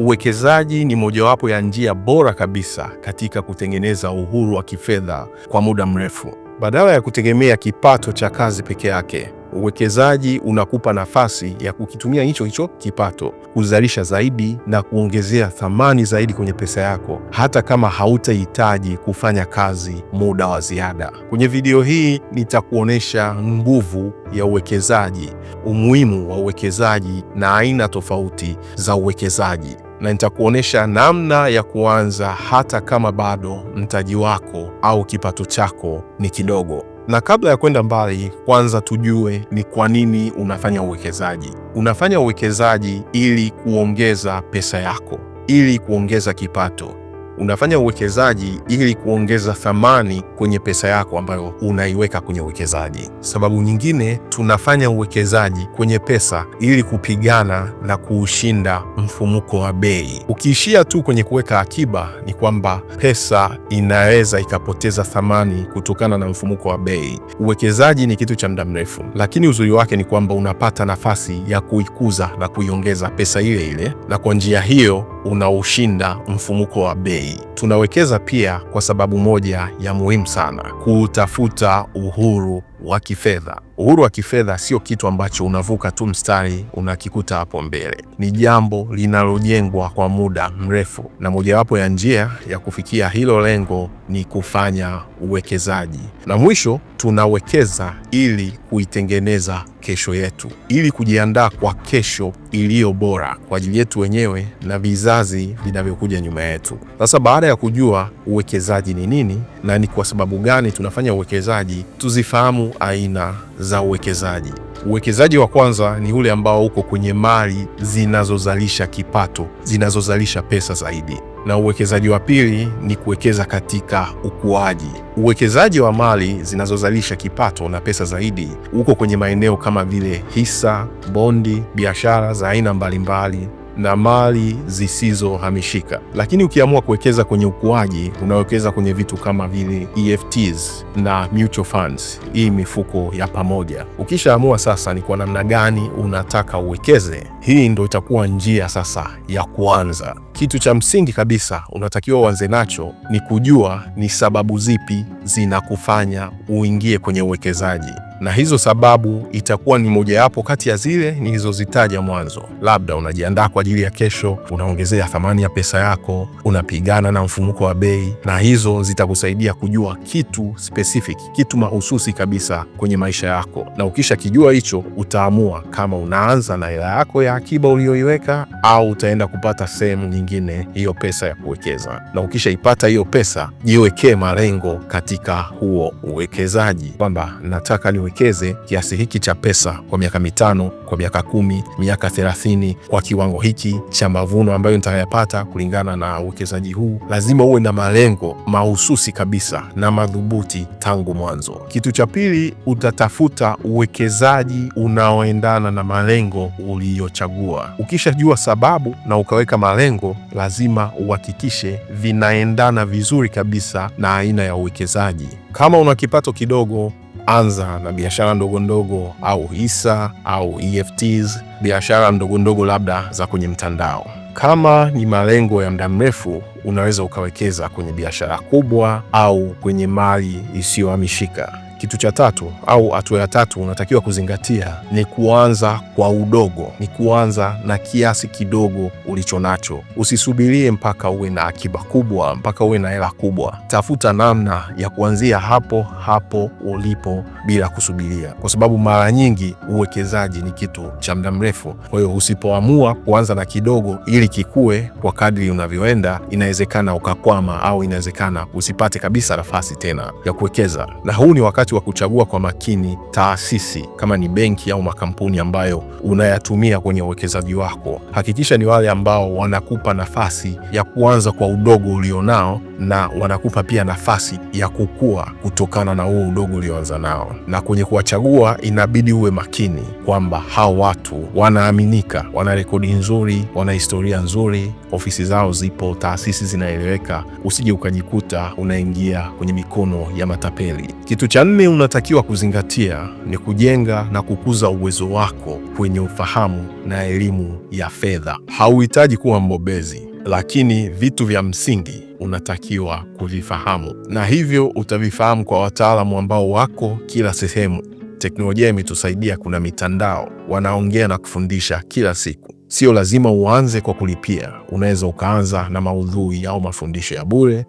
Uwekezaji ni mojawapo ya njia bora kabisa katika kutengeneza uhuru wa kifedha kwa muda mrefu. Badala ya kutegemea kipato cha kazi peke yake, uwekezaji unakupa nafasi ya kukitumia hicho hicho kipato kuzalisha zaidi na kuongezea thamani zaidi kwenye pesa yako, hata kama hautahitaji kufanya kazi muda wa ziada. Kwenye video hii nitakuonyesha nguvu ya uwekezaji, umuhimu wa uwekezaji na aina tofauti za uwekezaji na nitakuonyesha namna ya kuanza hata kama bado mtaji wako au kipato chako ni kidogo. Na kabla ya kwenda mbali, kwanza tujue ni kwa nini unafanya uwekezaji. Unafanya uwekezaji ili kuongeza pesa yako, ili kuongeza kipato unafanya uwekezaji ili kuongeza thamani kwenye pesa yako ambayo unaiweka kwenye uwekezaji. Sababu nyingine, tunafanya uwekezaji kwenye pesa ili kupigana na kuushinda mfumuko wa bei. Ukiishia tu kwenye kuweka akiba, ni kwamba pesa inaweza ikapoteza thamani kutokana na mfumuko wa bei. Uwekezaji ni kitu cha muda mrefu, lakini uzuri wake ni kwamba unapata nafasi ya kuikuza na kuiongeza pesa ile ile, na kwa njia hiyo unaushinda mfumuko wa bei. Tunawekeza pia kwa sababu moja ya muhimu sana, kutafuta uhuru wa kifedha. Uhuru wa kifedha sio kitu ambacho unavuka tu mstari unakikuta hapo mbele. Ni jambo linalojengwa kwa muda mrefu, na mojawapo ya njia ya kufikia hilo lengo ni kufanya uwekezaji. Na mwisho, tunawekeza ili kuitengeneza kesho yetu, ili kujiandaa kwa kesho iliyo bora kwa ajili yetu wenyewe na vizazi vinavyokuja nyuma yetu. Sasa, baada ya kujua uwekezaji ni nini na ni kwa sababu gani tunafanya uwekezaji, tuzifahamu aina za uwekezaji. Uwekezaji wa kwanza ni ule ambao uko kwenye mali zinazozalisha kipato, zinazozalisha pesa zaidi, na uwekezaji wa pili ni kuwekeza katika ukuaji. Uwekezaji wa mali zinazozalisha kipato na pesa zaidi uko kwenye maeneo kama vile hisa, bondi, biashara za aina mbalimbali na mali zisizohamishika. Lakini ukiamua kuwekeza kwenye ukuaji, unawekeza kwenye vitu kama vile EFTs na mutual funds, hii mifuko ya pamoja. Ukishaamua sasa ni kwa namna gani unataka uwekeze, hii ndo itakuwa njia sasa ya kuanza. Kitu cha msingi kabisa unatakiwa uanze nacho ni kujua ni sababu zipi zinakufanya uingie kwenye uwekezaji na hizo sababu itakuwa ni mojawapo kati ya zile nilizozitaja mwanzo. Labda unajiandaa kwa ajili ya kesho, unaongezea thamani ya pesa yako, unapigana na mfumuko wa bei, na hizo zitakusaidia kujua kitu specific, kitu mahususi kabisa kwenye maisha yako, na ukisha kijua hicho, utaamua kama unaanza na hela yako ya akiba uliyoiweka au utaenda kupata sehemu nyingine hiyo pesa ya kuwekeza. Na ukishaipata hiyo pesa, jiwekee malengo katika huo uwekezaji kwamba nataka niwe uwekeze kiasi hiki cha pesa kwa miaka mitano, kwa miaka kumi, miaka thelathini, kwa kiwango hiki cha mavuno ambayo nitayapata kulingana na uwekezaji huu. Lazima uwe na malengo mahususi kabisa na madhubuti tangu mwanzo. Kitu cha pili, utatafuta uwekezaji unaoendana na malengo uliyochagua. Ukishajua sababu na ukaweka malengo, lazima uhakikishe vinaendana vizuri kabisa na aina ya uwekezaji. Kama una kipato kidogo anza na biashara ndogo ndogo au hisa au EFTs, biashara ndogo ndogo labda za kwenye mtandao. Kama ni malengo ya muda mrefu, unaweza ukawekeza kwenye biashara kubwa au kwenye mali isiyohamishika. Kitu cha tatu au hatua ya tatu unatakiwa kuzingatia ni kuanza kwa udogo, ni kuanza na kiasi kidogo ulicho nacho. Usisubirie mpaka uwe na akiba kubwa, mpaka uwe na hela kubwa. Tafuta namna ya kuanzia hapo hapo ulipo bila kusubiria, kwa sababu mara nyingi uwekezaji ni kitu cha muda mrefu. Kwa hiyo usipoamua kuanza na kidogo ili kikue kwa kadri unavyoenda, inawezekana ukakwama au inawezekana usipate kabisa nafasi tena ya kuwekeza, na huu ni wakati wakati wa kuchagua kwa makini taasisi, kama ni benki au makampuni ambayo unayatumia kwenye uwekezaji wako, hakikisha ni wale ambao wanakupa nafasi ya kuanza kwa udogo ulionao na wanakupa pia nafasi ya kukua kutokana na huo udogo ulioanza nao. Na kwenye kuwachagua inabidi uwe makini kwamba hao watu wanaaminika, wana rekodi nzuri, wana historia nzuri, ofisi zao zipo, taasisi zinaeleweka, usije ukajikuta unaingia kwenye mikono ya matapeli. Kitu cha nne mimi unatakiwa kuzingatia ni kujenga na kukuza uwezo wako kwenye ufahamu na elimu ya fedha. Hauhitaji kuwa mbobezi, lakini vitu vya msingi unatakiwa kuvifahamu, na hivyo utavifahamu kwa wataalamu ambao wako kila sehemu. Teknolojia imetusaidia, kuna mitandao wanaongea na kufundisha kila siku. Sio lazima uanze kwa kulipia. Unaweza ukaanza na maudhui au mafundisho ya bure,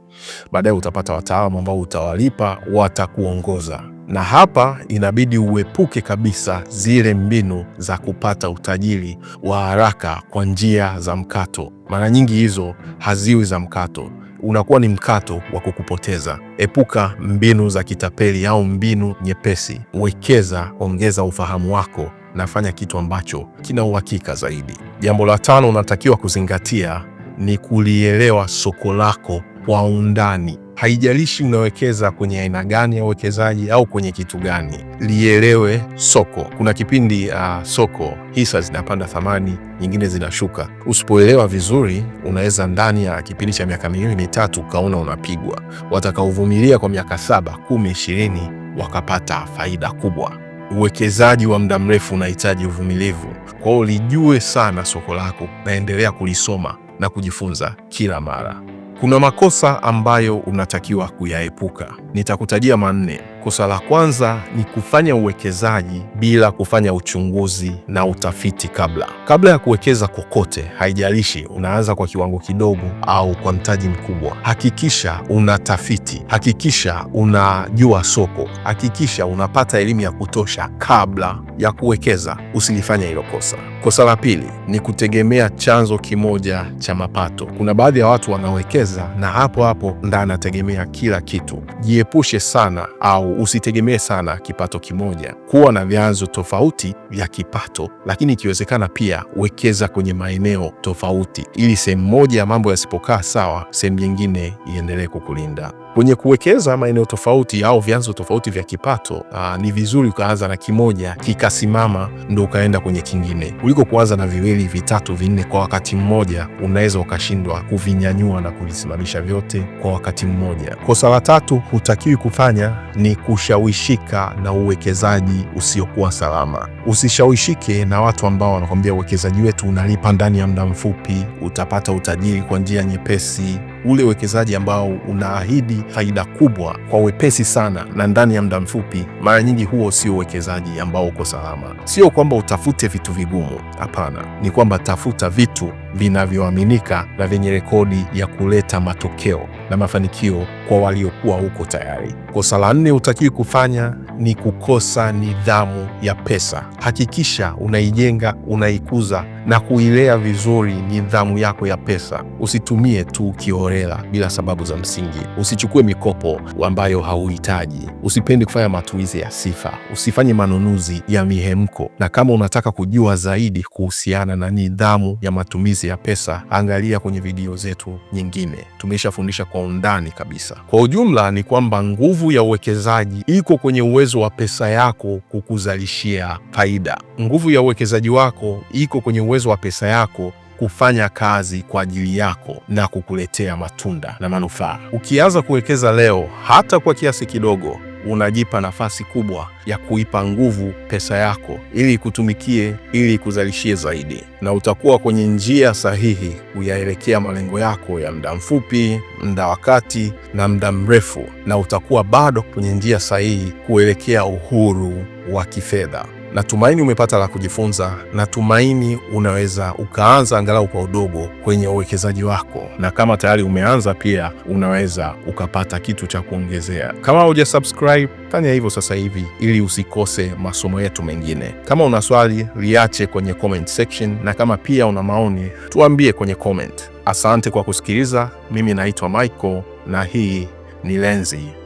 baadaye utapata wataalamu ambao utawalipa, watakuongoza. Na hapa inabidi uepuke kabisa zile mbinu za kupata utajiri wa haraka kwa njia za mkato. Mara nyingi hizo haziwi za mkato, unakuwa ni mkato wa kukupoteza. Epuka mbinu za kitapeli au mbinu nyepesi. Wekeza, ongeza ufahamu wako nafanya kitu ambacho kina uhakika zaidi. Jambo la tano unatakiwa kuzingatia ni kulielewa soko lako kwa undani. Haijalishi unawekeza kwenye aina gani ya uwekezaji au kwenye kitu gani, lielewe soko. Kuna kipindi uh, soko hisa zinapanda thamani, nyingine zinashuka. Usipoelewa vizuri, unaweza ndani ya kipindi cha miaka miwili mitatu ukaona unapigwa. Watakaovumilia kwa miaka saba, kumi, ishirini wakapata faida kubwa uwekezaji wa muda mrefu unahitaji uvumilivu. Kwa hiyo lijue sana soko lako, naendelea kulisoma na kujifunza kila mara. Kuna makosa ambayo unatakiwa kuyaepuka, nitakutajia manne. Kosa la kwanza ni kufanya uwekezaji bila kufanya uchunguzi na utafiti kabla. Kabla ya kuwekeza kokote, haijalishi unaanza kwa kiwango kidogo au kwa mtaji mkubwa, hakikisha unatafiti, hakikisha unajua soko, hakikisha unapata elimu ya kutosha kabla ya kuwekeza. Usilifanya hilo kosa. Kosa la pili ni kutegemea chanzo kimoja cha mapato. Kuna baadhi ya watu wanawekeza na hapo hapo nda anategemea kila kitu. Jiepushe sana au usitegemee sana kipato kimoja. Kuwa na vyanzo tofauti vya kipato, lakini ikiwezekana pia wekeza kwenye maeneo tofauti, ili sehemu moja ya mambo yasipokaa sawa, sehemu nyingine iendelee kukulinda. Kwenye kuwekeza maeneo tofauti au vyanzo tofauti vya kipato, aa, ah, ni vizuri ukaanza na kimoja kikasimama, ndo ukaenda kwenye kingine, kuliko kuanza na viwili vitatu vinne kwa wakati mmoja. Unaweza ukashindwa kuvinyanyua na kuvisimamisha vyote kwa wakati mmoja. Kosa la tatu hutakiwi kufanya ni kushawishika na uwekezaji usiokuwa salama. Usishawishike na watu ambao wanakwambia uwekezaji wetu unalipa ndani ya muda mfupi, utapata utajiri kwa njia nyepesi ule uwekezaji ambao unaahidi faida kubwa kwa wepesi sana na ndani ya muda mfupi, mara nyingi huo sio uwekezaji ambao uko salama. Sio kwamba utafute vitu vigumu, hapana, ni kwamba tafuta vitu vinavyoaminika na vyenye rekodi ya kuleta matokeo na mafanikio kwa waliokuwa huko tayari. Kosa la nne hutakiwi kufanya ni kukosa nidhamu ya pesa. Hakikisha unaijenga, unaikuza na kuilea vizuri nidhamu yako ya pesa. Usitumie tu kiorela bila sababu za msingi. Usichukue mikopo ambayo hauhitaji. usipendi kufanya matumizi ya sifa. Usifanye manunuzi ya mihemko. Na kama unataka kujua zaidi kuhusiana na nidhamu ya matumizi matumizi ya pesa, angalia kwenye video zetu nyingine, tumeshafundisha kwa undani kabisa. Kwa ujumla ni kwamba nguvu ya uwekezaji iko kwenye uwezo wa pesa yako kukuzalishia faida. Nguvu ya uwekezaji wako iko kwenye uwezo wa pesa yako kufanya kazi kwa ajili yako na kukuletea matunda na manufaa. Ukianza kuwekeza leo, hata kwa kiasi kidogo unajipa nafasi kubwa ya kuipa nguvu pesa yako ili ikutumikie, ili ikuzalishie zaidi, na utakuwa kwenye njia sahihi kuyaelekea malengo yako ya muda mfupi, muda wa kati na muda mrefu, na utakuwa bado kwenye njia sahihi kuelekea uhuru wa kifedha. Natumaini umepata la kujifunza. Natumaini unaweza ukaanza angalau kwa udogo kwenye uwekezaji wako, na kama tayari umeanza pia unaweza ukapata kitu cha kuongezea. Kama huja subscribe, fanya hivyo sasa hivi ili usikose masomo yetu mengine. Kama una swali liache kwenye comment section, na kama pia una maoni tuambie kwenye comment. Asante kwa kusikiliza. Mimi naitwa Michael na hii ni Lenzi.